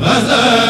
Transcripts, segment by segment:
wa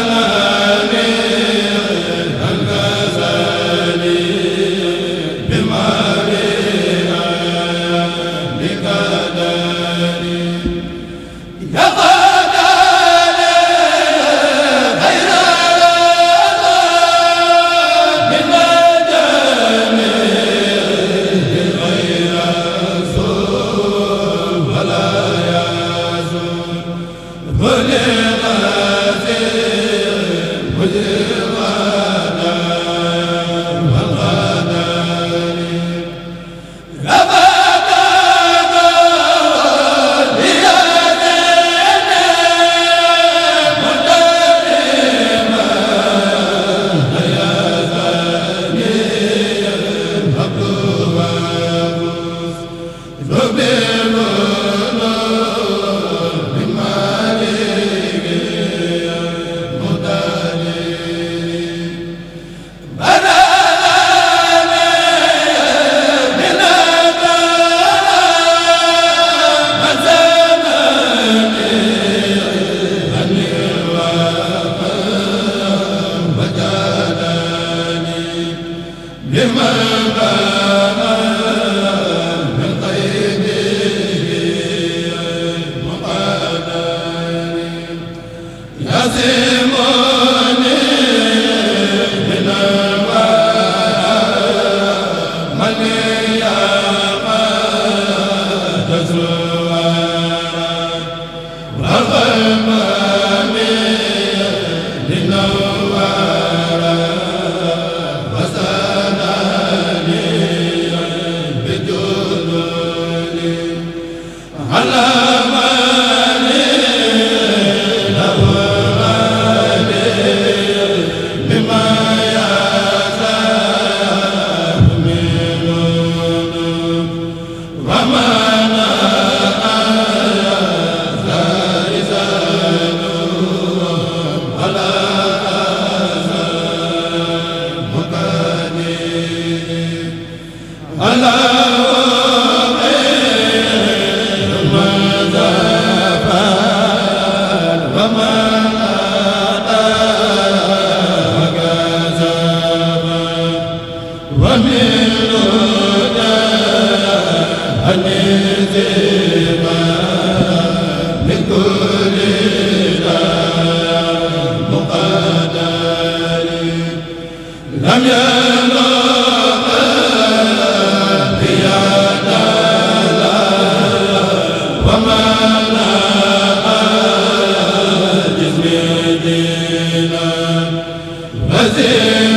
Aziz Aziz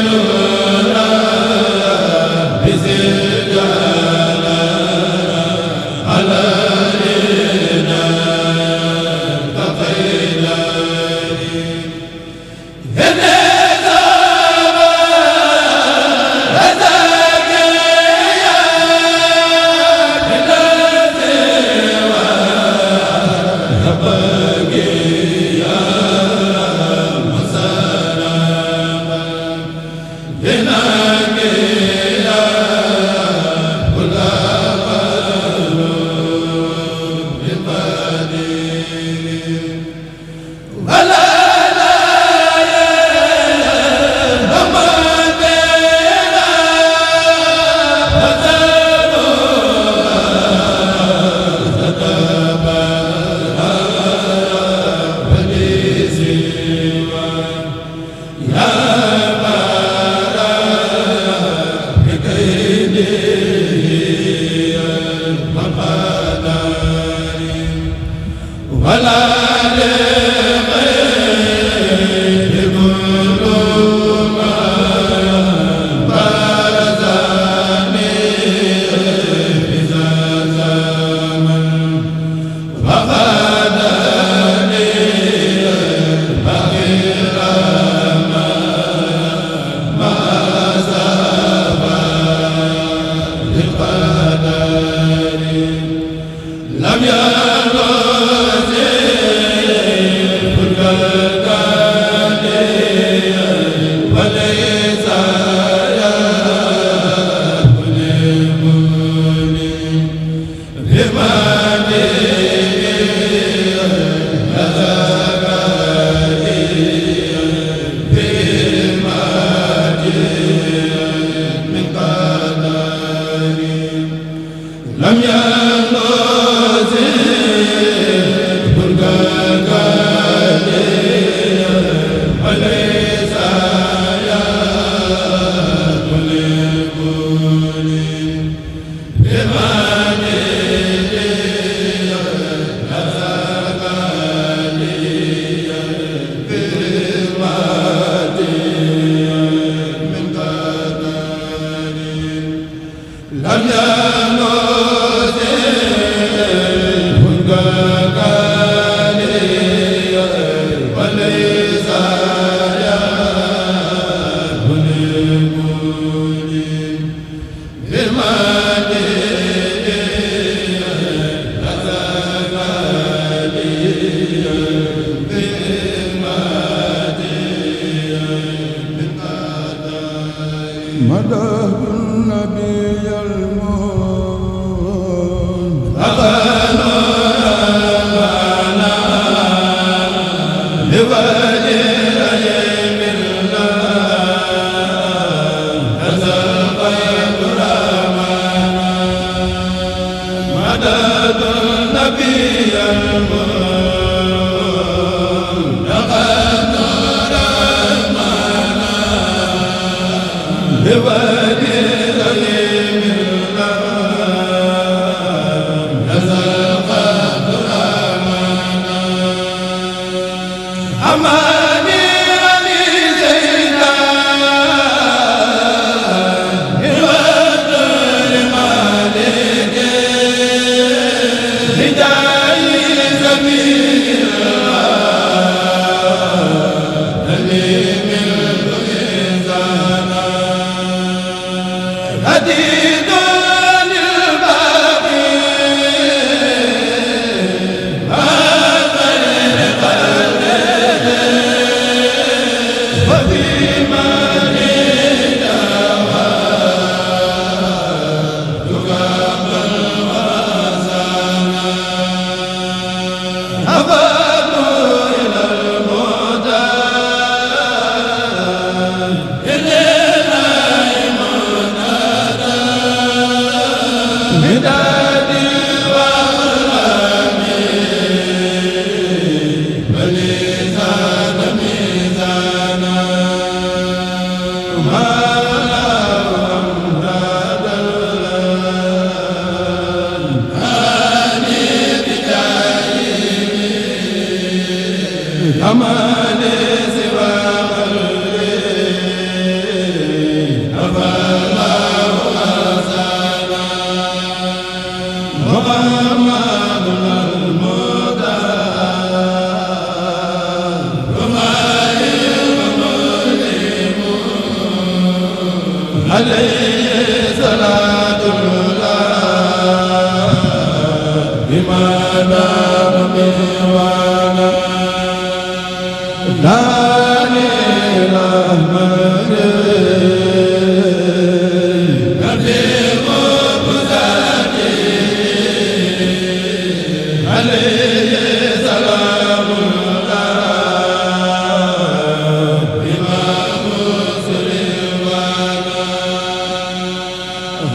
يا الله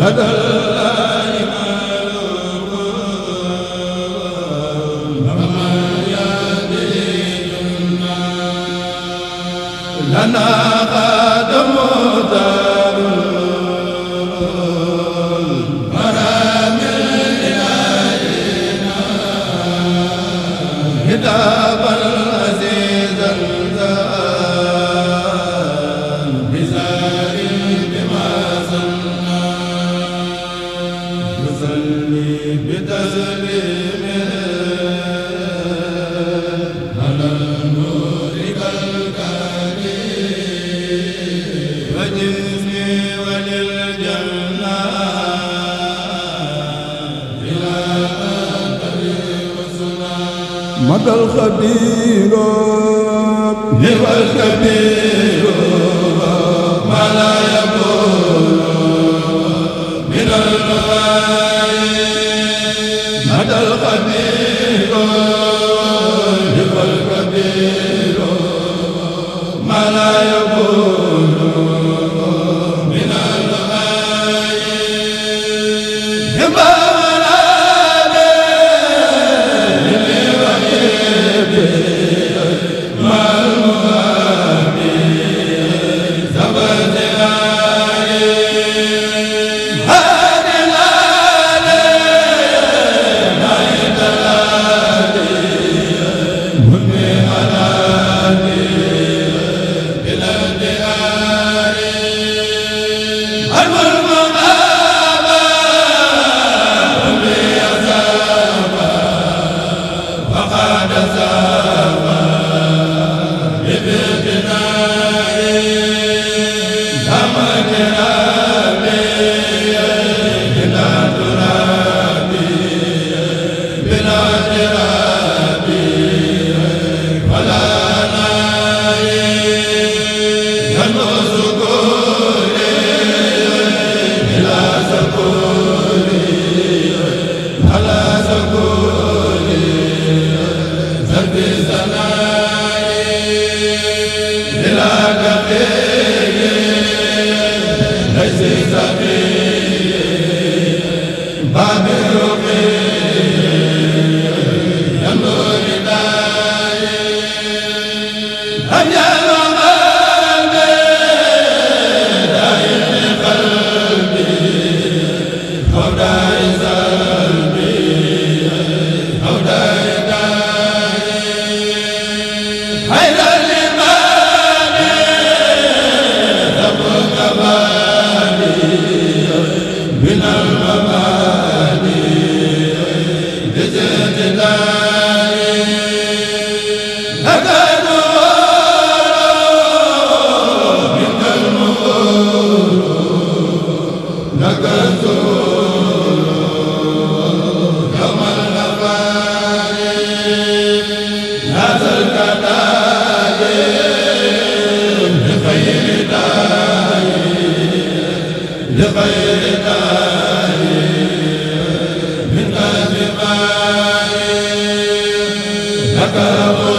هدى الخبير هو الخبير ما لا يقول من الغايب مدى الخبير هو الخبير ما لا يقول Bhagavad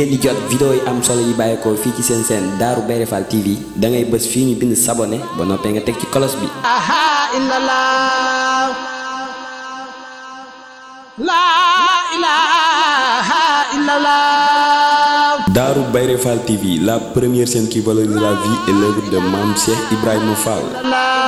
ngeen di jot am solo yi bàyyeekoo fii ci seen seen Darou Bairé Fall TV da bës fii ñu bind sabonné ba noppee nga teg ci kolos bi. Darou Bairé la première chaîne qui valorise la vie de Mame Cheikh Ibrahima Fall.